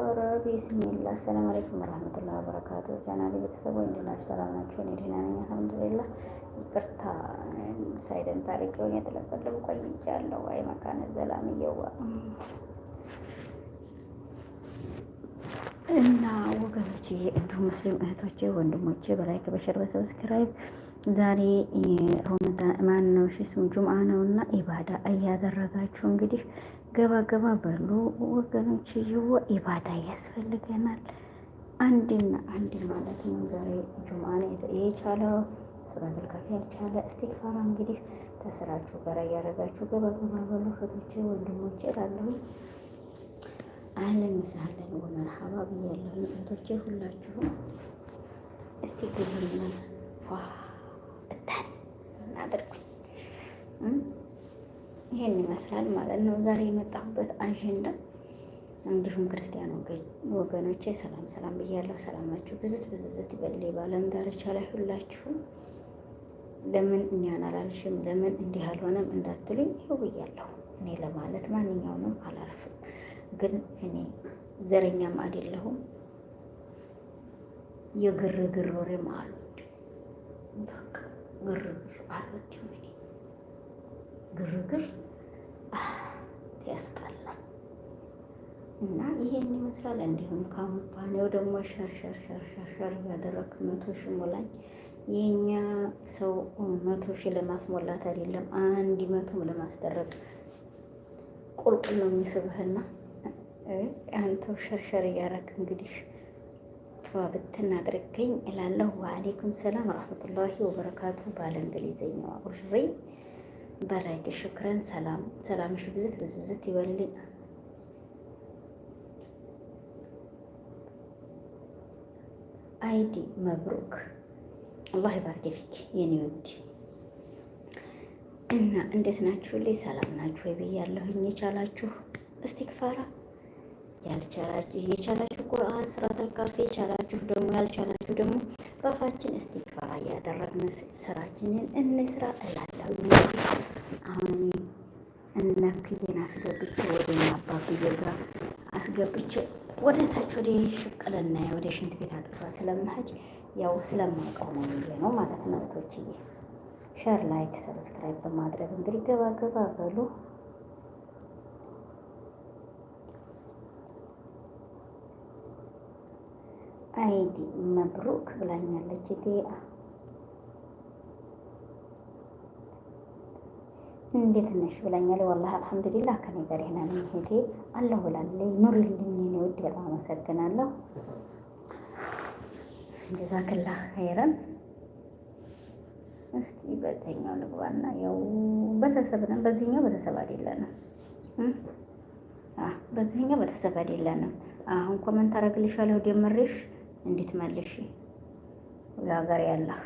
አረ ቢስሚላ አሰላም አለይኩም ወራህመቱላ ወበረካቱ። ቻናል ቤተሰቡ እንድናችሁ ሰላም ናችሁ? እኔ ደህና ነኝ አልሐምዱሊላ። ይቅርታ ሳይደን ታሪኬውን የተለበለብ ቆይቻለሁ። ወይ መካነ ዘላም እየዋ እና ወገኖቼ፣ እንዲሁም ሙስሊም እህቶቼ፣ ወንድሞቼ በላይክ በሸር በሰብስክራይብ ዛሬ ሮመዳን ማን ነው ሺ ስም ጁምአ ነው እና ኢባዳ እያደረጋችሁ እንግዲህ ገባ ገባ በሉ ወገኖች፣ ይወ ኢባዳ ያስፈልገናል። አንድና አንድ ማለት ነው። ዛሬ ጁምአ ነው የቻለው ሱራቱል ካፊ ያልቻለ እስቲግፋራ እንግዲህ ከስራችሁ ጋር እያደረጋችሁ ገባ ገባ በሉ እህቶቼ፣ ወንድሞቼ እላለሁ። አህለን ወሰህለን ወመርሐባ ብያለሁ እህቶቼ ሁላችሁም እስቲ ግብርና አደረኩኝ። ይሄን ይመስላል ማለት ነው ዛሬ የመጣሁበት አጀንዳ። እንዲሁም ክርስቲያን ወገኖቼ ሰላም ሰላም ብያለሁ። ሰላማችሁ ብዝት ብዝዝት ይበል። ባለም ዳርቻ ላይ ሁላችሁም ለምን እኛን አላልሽም ለምን እንዲህ አልሆነም እንዳትሉኝ ይኸው ብያለሁ። እኔ ለማለት ማንኛውንም አላርፍም፣ ግን እኔ ዘረኛም አይደለሁም የግርግር ወሬም አሉ በቃ ግርግር አልወድም። እኔ ግርግር ያስጠላል እና ይሄን ይመስላል። እንዲሁም ካምፓኒው ደግሞ ሸርሸርሸርሸር እያደረክ መቶ ሺ ሞላኝ። የእኛ ሰው መቶ ሺ ለማስሞላት አይደለም አንድ መቶም ለማስደረግ ቁልቁል ነው የሚስብህና አንተው ሸርሸር እያደረግ እንግዲህ ፏ ብትን አድርገኝ እላለሁ። ወአሌይኩም ሰላም ረህመቱላሂ ወበረካቱ። ባለ እንግሊዘኛዋ ውሬ በላይክ ሽክረን ሰላም ሰላምሽ ብዝት ብዝዝት ይበልልኝ። አይዲ መብሩክ አላህ ይባርክ ፊክ የኔ ውድ እና እንዴት ናችሁ? ላይ ሰላም ናችሁ ወይ ብያለሁኝ። የቻላችሁ እስቲ ክፋራ ያልቻላችሁ ቁርአን ስራ ተካፊ የቻላችሁ ደግሞ ያልቻላችሁ ደግሞ በአፋችን እስቲክፋራ እያደረግን ስራችንን እንስራ እላለሁ። አሁን እነክዬን አስገብቼ ወደ አባብዬ ግራ አስገብቼ ወደ ታች ወደ ሽቅልና ወደ ሽንት ቤት አጥፋ ስለምሄድ ያው ስለማቆመው ጊዜ ነው ማለት ነው። ቶችዬ ሸር፣ ላይክ፣ ሰብስክራይብ በማድረግ እንግዲህ ገባ ገባ በሉ። አይዲ መብሩክ ብላኛለች። ዲያ እንዴት ነሽ ብላኛለች። ወላሂ አልሐምዱሊላህ ከኔ ጋር ደህና ነኝ እህቴ አለሁ ብላለች። ኑሪልኝ የኔ ውድ በጣም አመሰግናለሁ። ጀዛክላህ ኸይረን። እስቲ በዚህኛው ልግባና ያው ቤተሰብ ነን። በዚህኛው ቤተሰብ አይደለንም። በዚህኛው ቤተሰብ አይደለንም። አሁን ኮመንት አረግልሻለሁ ደምሬሽ እንዴት መልሽ ወደ ሀገር ያለህ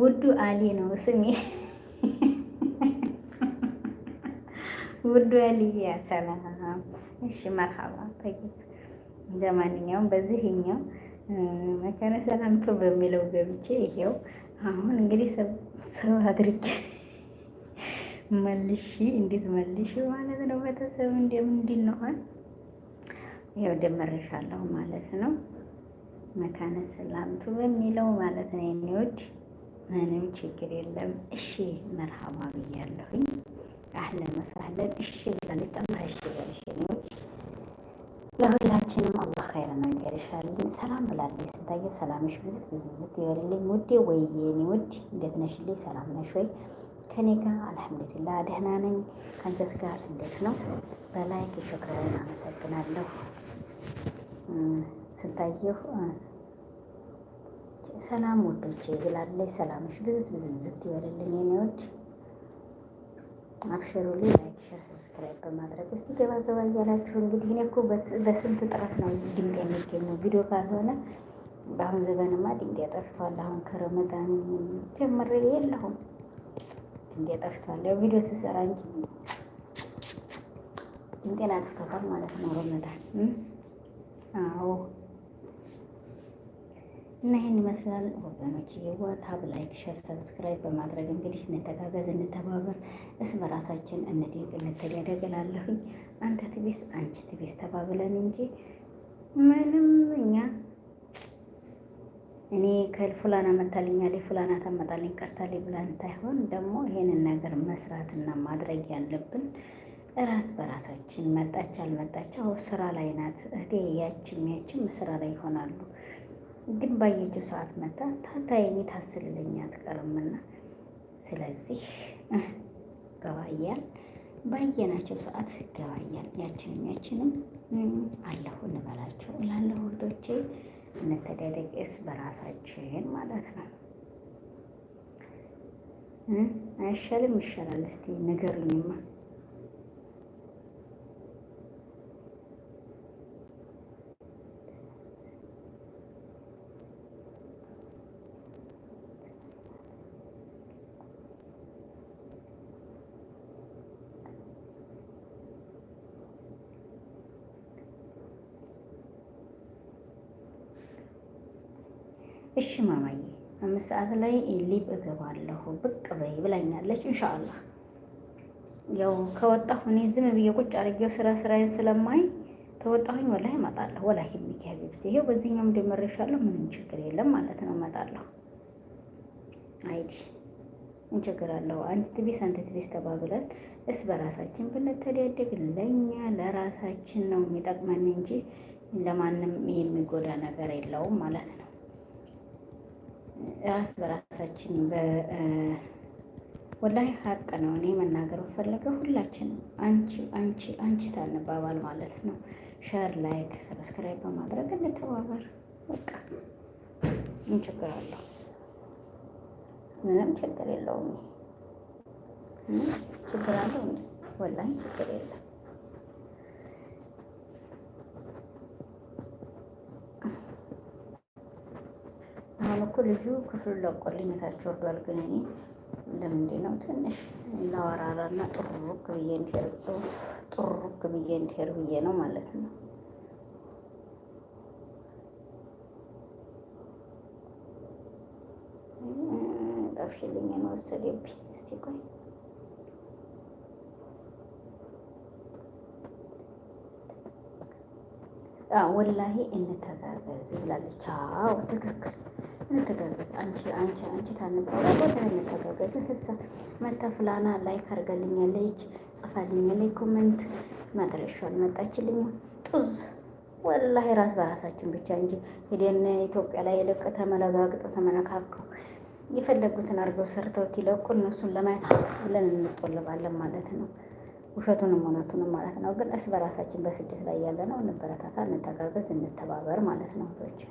ውዱ አሊ ነው ስሜ። ውዱ አሊ ሰላም። እሺ መርሃባ ለማንኛውም በዚህኛው መካነ ሰላምቱ በሚለው ገብቼ ይሄው አሁን እንግዲህ ሰብ አድርጌ መልሺ እንዴት መልሺ ማለት ነው። ቤተሰብ እንደምንድን ነው ያው ደመረሻለሁ ማለት ነው። መካነ ሰላምቱ በሚለው ማለት ነው። የሚወድ ምንም ችግር የለም። እሺ መርሃባ ብያለሁኝ። አህለን ወሰህለን። እሺ ብላለች። ጨምራ እሺ ሰላም ብላለች። ስንታየ ሰላምሽ ብዝት ብዝዝት ይበልልኝ ውዴ፣ ወይ የኔ ውድ እንዴት ነሽልኝ? ሰላም ነሽ ወይ? ከኔ ጋር አልሐምዱሊላ ደህና ነኝ። ከአንቺስ ጋር እንዴት ነው? በላይክ የሾከረን አመሰግናለሁ። ስታየሁ ሰላም ውዶቼ ብላለች። ሰላምሽ ብዝት ብዝዝት ይበልልኝ የኔ ውድ አብሽሩልኝ። ላይክ፣ ሼር፣ ሰብስክራይብ በማድረግ እስቲ ገባ ገባ እያላችሁ እንግዲህ እኔ እኮ በስንት ጥረት ነው ድምፅ የሚገኘው ቪዲዮ ካልሆነ በአሁን ዘበንማ ድንጋይ ጠፍቷል። አሁን ከረመዳን ጀምሬ የለሁም ድንጋይ ጠፍቷል። ያው ቪዲዮ ትሰራ እንጂ ድምጤን ማለት ነው ረመዳን። አዎ እና ይህን ይመስላል ወገኖች። የዋታብ ላይክ፣ ሸር፣ ሰብስክራይብ በማድረግ እንግዲህ እንተጋገዝ፣ እንተባበር፣ እስመ ራሳችን እንዲቅ እንተጋደገላለሁኝ። አንተ ትቢስ አንቺ ትቢስ ተባብለን እንጂ ምንም እኛ እኔ ከፉላና መታልኛል ፉላና ታመጣልኝ ቀርታል ብለን ታይሆን ደግሞ ይሄንን ነገር መስራትና ማድረግ ያለብን እራስ በራሳችን መጣች አልመጣች፣ አሁን ስራ ላይ ናት እህቴ። ያችም ያችም ስራ ላይ ይሆናሉ። ግን ባየችው ሰዓት መጣ ታታዬ ታስልልኝ አትቀርምና፣ ስለዚህ ገባያል ባየናቸው ሰዓት ገባያል ያችንም ያችንም አለሁ እንበላቸው እላለሁ። ወንዶቼ እንተደደቅስ በራሳችን ማለት ነው። አይሻልም? ይሻላል። እስቲ ንገሩኝማ። እሺ ማማዬ አምስት ሰዓት ላይ ሊብ እገባለሁ ብቅ በይ ብላኛለች። እንሻአላህ ያው ከወጣሁ እኔ ዝም ብዬ ቁጭ አድርጌው ስራ ስራዬን ስለማይ ተወጣሁኝ ወላሂ እመጣለሁ። ወላሂ የሚካሄድ ብት ይሄው በዚህኛው ደመረሻለሁ። ምንም ችግር የለም ማለት ነው። እመጣለሁ። አይዲ ምን ችግር አለው? አንቺ ትቢስ አንተ ትቢስ ተባብለን እስ በራሳችን ብንተዳደግ ለእኛ ለራሳችን ነው የሚጠቅመን እንጂ ለማንም የሚጎዳ ነገር የለውም ማለት ነው። ራስ በራሳችን ወላሂ ሀቅ ነው። እኔ መናገር ፈለገ ሁላችን አንቺ አንቺ አንቺ ታንባባል ማለት ነው። ሸር ላይክ፣ ሰብስክራይብ በማድረግ እንተባበር። በቃ ምን ችግር አለው? ምንም ችግር የለውም። ችግር አለው? ወላሂ ችግር የለም። እኮ ልጁ ክፍሉን ለቆልኝ እታች ወርዷል። ግን እኔ ለምንድን ነው ትንሽ ላወራራና ጥሩክ ብዬ እንድሄድ ጥሩክ ብዬ እንድሄድ ብዬ ነው ማለት ነው። ጠፍሽልኝ ነው ወሰደብኝ። እስቲ ቆይ ወላሂ እንተጋገዝ ብላለች። አዎ ትክክል እንተጋገዝ። አንቺ አንቺ አንቺ ታንባላ ቦታ እንተጋገዝ። ህሳ መተፍላና ላይክ አድርጋልኛለች፣ ጽፋልኛለች፣ ኮመንት መድረሻል መጣችልኝ ጡዝ ወላሂ ራስ በራሳችን ብቻ እንጂ ሄደን ኢትዮጵያ ላይ የለቀ ተመለጋግጠው ተመነካከው የፈለጉትን አድርገው ሰርተውት ይለቁ። እነሱን ለማየት ብለን እንጦልባለን ማለት ነው፣ ውሸቱንም እውነቱንም ማለት ነው። ግን እስ በራሳችን በስደት ላይ ያለ ነው። እንበረታታ፣ እንተጋገዝ፣ እንተባበር ማለት ነው ቶች